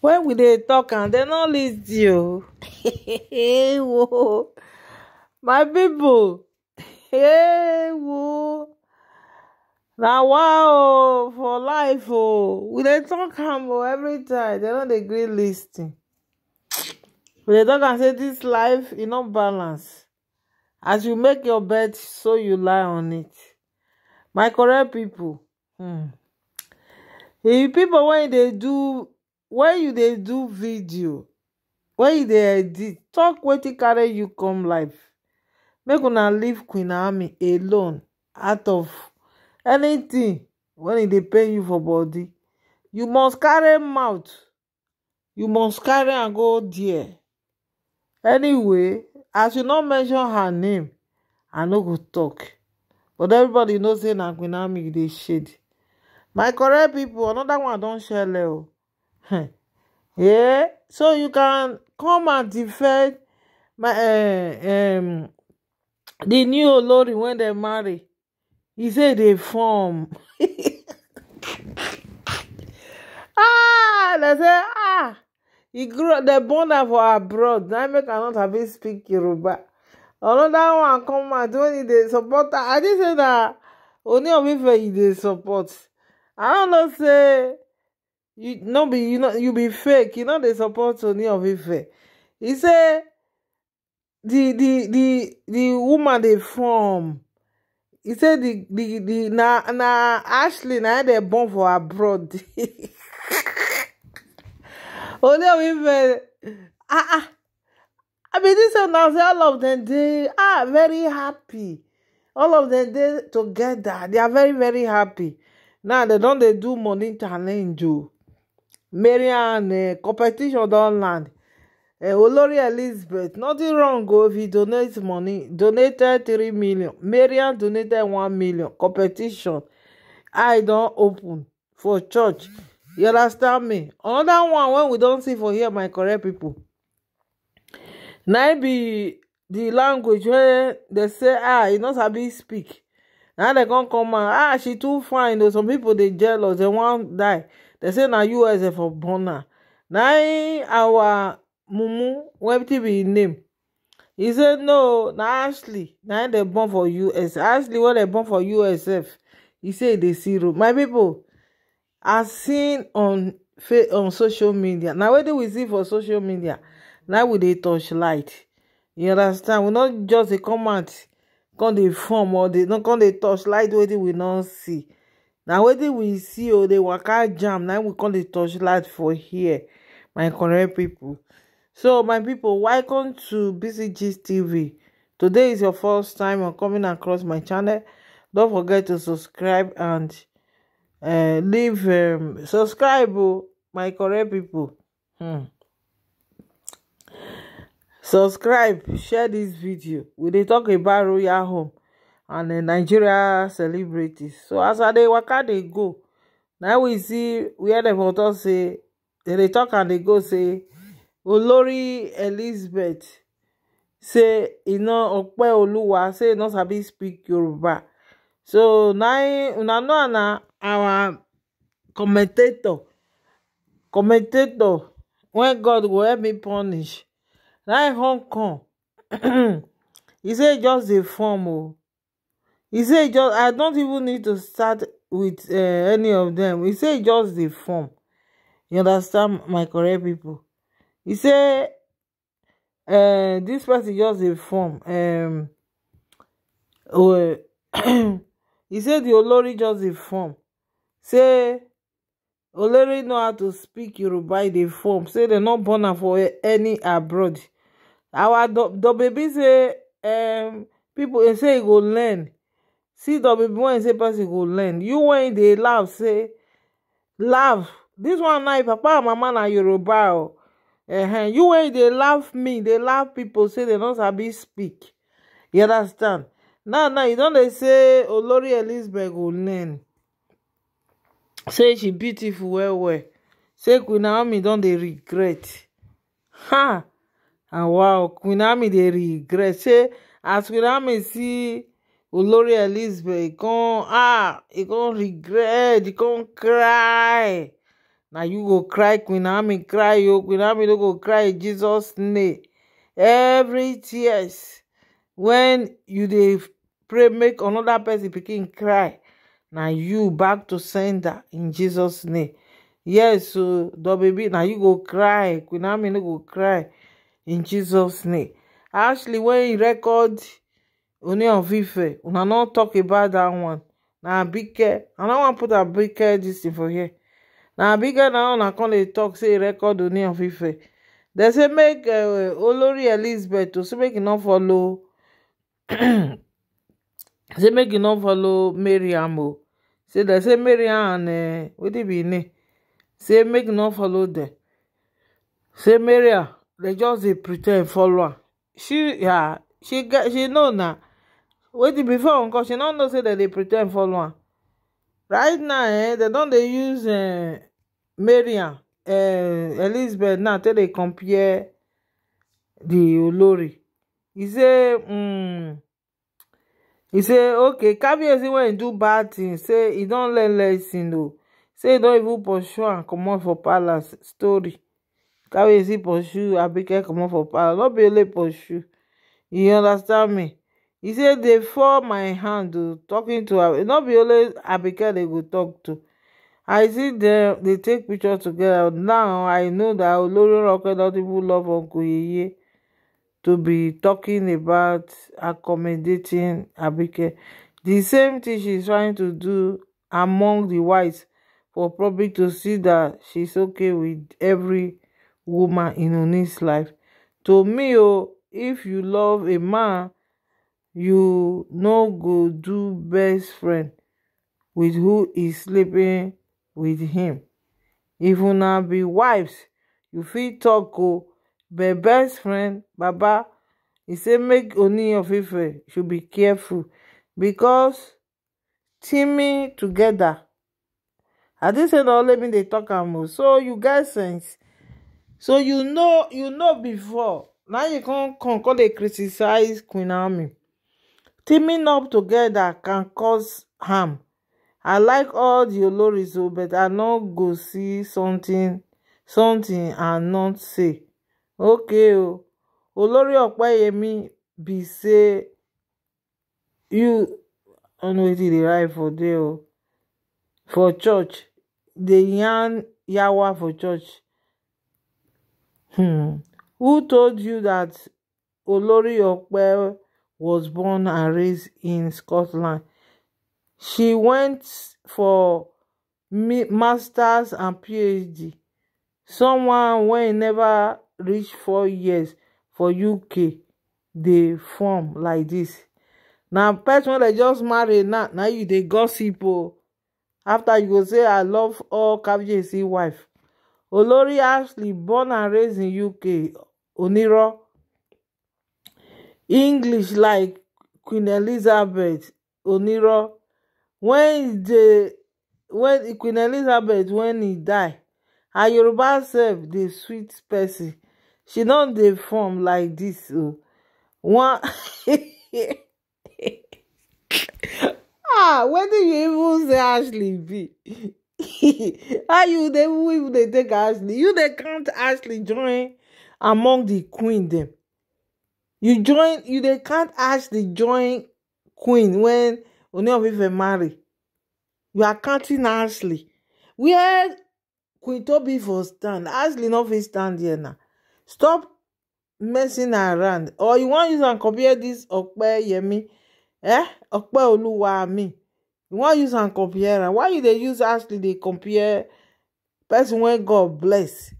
When we dey talk am dem no list you hey wo my pipo hey wo na wow for life o we dey talk am o time dem no dey gree listing we dey talk am say dis life e no balance as you make your bed so you lie on it my correct pipo hmm if pipo wey dey do wen you dey do video wey you dey edit tok wetin carry you come life make una leave queen Ami alone out of anytin wen e dey pain you for body you must carry mouth you must carry am go there anyway as you no mention her name i no go tok but everybody know say na queen Ami you dey shade my correct pipo another one don shele o yeah? so you can come and defend my uh, um, the new olori when they marry He said they form ah They say ah He grow They born am for abroad na make i not sabi speak yoruba another one come and when e dey support i think say that only of ife he dey support i don't know say you no be you know you be fake you no dey support oniofifere e say di di di di woman dey form e say di di di na na ashley na her dey born for abroad of ah ah i be dis one now say all of dem dey ah very happy all of dem dey together dia very very happy now dem don dey do money challenge o. Oh. marian eh, competition don land eh, olori elizabeth nothing wrong go if he donate money donated 3 million marian donated 1 million competition I don't open for church you understand me another one when we don't see for here my correct people. na be di language wey they say ah you no sabi speak na dem come come out ah she too fine though some people they jealous They want die dem say na usa for born am na our mumu wetin be im name e say no na ashley na im dem born for us ashley wey dem born for usf e say e dey see my pipo as seen on on social media na wetin we see for social media na we dey touch light you understand we no just dey come out come dey form or come dey touch light wetin we no see Now, wetin we see o oh, dey waka jam now we call dey torchlight for here my correct people. so my people, welcome to bcg tv today is your first time on coming across my channel Don't forget to subscribe and uh, leave um, subscribe o oh, my correct people. hmm. subscribe share this video we dey tok about royal home and uh, nigeria celebrities so as they dey waka dey go Now we see where dem for talk say they dey talk and they go say olori elizabeth say you know, ọpẹ oluwa say e no sabi speak yoruba so now, e, una know na our commentator commentator when god will help me punish na e him come come say just dey form o He say just i don't even need to start with eh, any of them." He say just the form you understand my correct pipo e say dis eh, person just a form um, Well, eh, he said, di olori just a form say olori know how to speak yoruba e dey form say they're not born for any abroad our baby say um pipo say e go learn see the baby when say person go learn you when they laugh say laugh This one na papa and mama na yoruba o -huh. you when they laugh me they laugh people say they no sabi speak you understand now now you don't they say olori elizabeth go learn say she beautiful well well say queen naomi don't they regret ha and wow queen naomi they regret say as queen naomi see olórí elizabeth come ah e come regret e come cry na you go cry queen naomi cry o oh, queen naomi no go cry in jesus name every tears when you dey pray make another person pikin cry na you back to sender in jesus name yes o baby na you go cry queen naomi no go cry in jesus name ashley wen record Ooni of Ife, una no talk about dat one. Na Abike, I no wan put Abike dis thing for here. Na Abike na una come dey talk say record Ooni of Ife. Dem say make uh, Olori Elizabeth to say make e no follow say make e no follow Mariam o. Oh. Say dem say Mariam and uh, eh, wetin be im name? Say make e no follow dem. Say Mariam dey just dey pre ten d follow am. She yeah, she get she know na. wetin before follow she no know say dem dey pretend ten d follow am right now dem eh, don dey use eh, maria eh, elizabeth now to dey compare di olori e say e say okay kabiru si wey do bad thing say e don learn lesson o say e don even pursue am comot for palace story kabiru si pursue abike comot for palace no be only pursue you understand me. He say dey fall my hand o oh, talking to abike no be only abike dey go talk to i see dem dey take picture together now i know that olorironke don even love uncle yeye to be talking about accommodating abike the same thing she's trying to do among the whites for public to see that she's okay with every woman in Ooni's life to me o oh, if you love a man you no go do best friend with who is sleeping with him if una be wives you fit talk o but best friend baba He say make only of ife should be careful because teaming together. i didn't say na only me They talk am o so you guys sense so you know you know before Now you can't come come dey criticise queen army teaming up together can cause harm i like all the oloris but i no go see something something i not say okay oo olori opeyemi be say you i no know wetin dey write for there oo for church The young yawa for church hmm who told you that olori ope was born and raised in Scotland. She went for master's and PhD. Someone when never reach four years for UK dey form like this. Now, person wey dem just married. now now you they gossip Oh, After you go say I love all Kabiyesi wife. Olori Ashley born and raised in UK, Oniro english like queen elizabeth oniro when the when queen elizabeth when he die her yoruba sef dey sweet person she not dey form like this. o one ah do you even say ashley be how you dey even dey take ashley you they can't ashley join among the queen them you join you They can't ask the join queen when Ooni of even marry you are counting Ashley where Queen Tobi for stand Ashley not even stand here now stop messing around or you wan use am compare this Yemi? eh Opeoluwami you wan use am compare why you dey use Ashley They compare person when God bless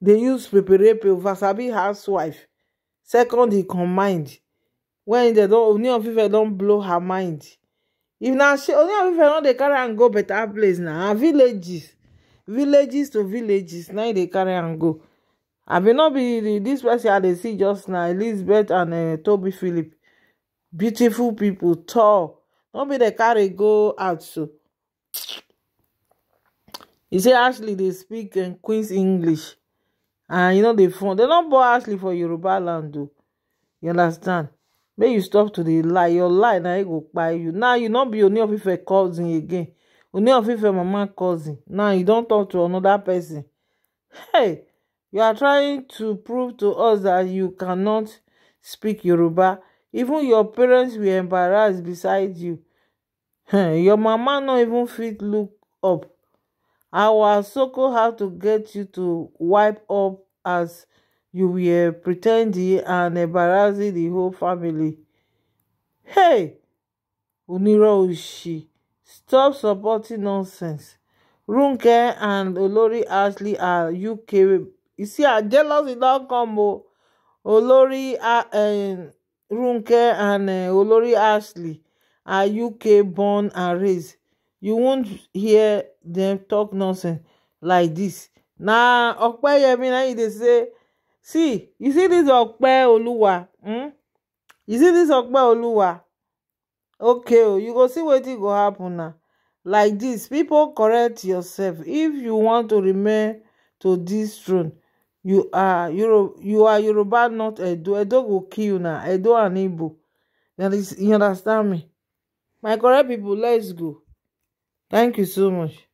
They use peperepe over sabi housewife second he combined when they don't don oni of ife don blow her mind if now she oni of ife no they carry and go better place now her villages villages to villages Now e dey carry and go I abi not be this person i see just now elizabeth and eh, toby philip beautiful people, tall no be dey carry go out so e say ashley dey speak eh, queen's english and you know they phone They don born ashley for yoruba land o you understand May you stop to the lie your lie now e go kpai you now you not be only of ife cousin again Only of ife mama cousin now you don't talk to another person hey you are trying to prove to us that you cannot speak yoruba even your parents were embarrassed beside you your mama not even fit look up our soko have to get you to wipe up as you were pre ten ding and embarrassing the whole family hey onírọ́ stop supporting nonsense Runke and Olori Ashley are UK you see her jealous in that combo. Oh. Olori uh, uh, Runke and uh, Olori Ashley are UK born and raised you won't hear dem talk nonsense like dis na opeyemi na im dey say see you see dis ope oluwa hmm? you see dis ope oluwa okay o you go see wetin go happen na like dis pipo correct yourself if you want to remain to dis throne you are Euro you are Yoruba not Edo Edo go kill you na Edo and Igbo you understand me my correct pipo let's go Thank you so much.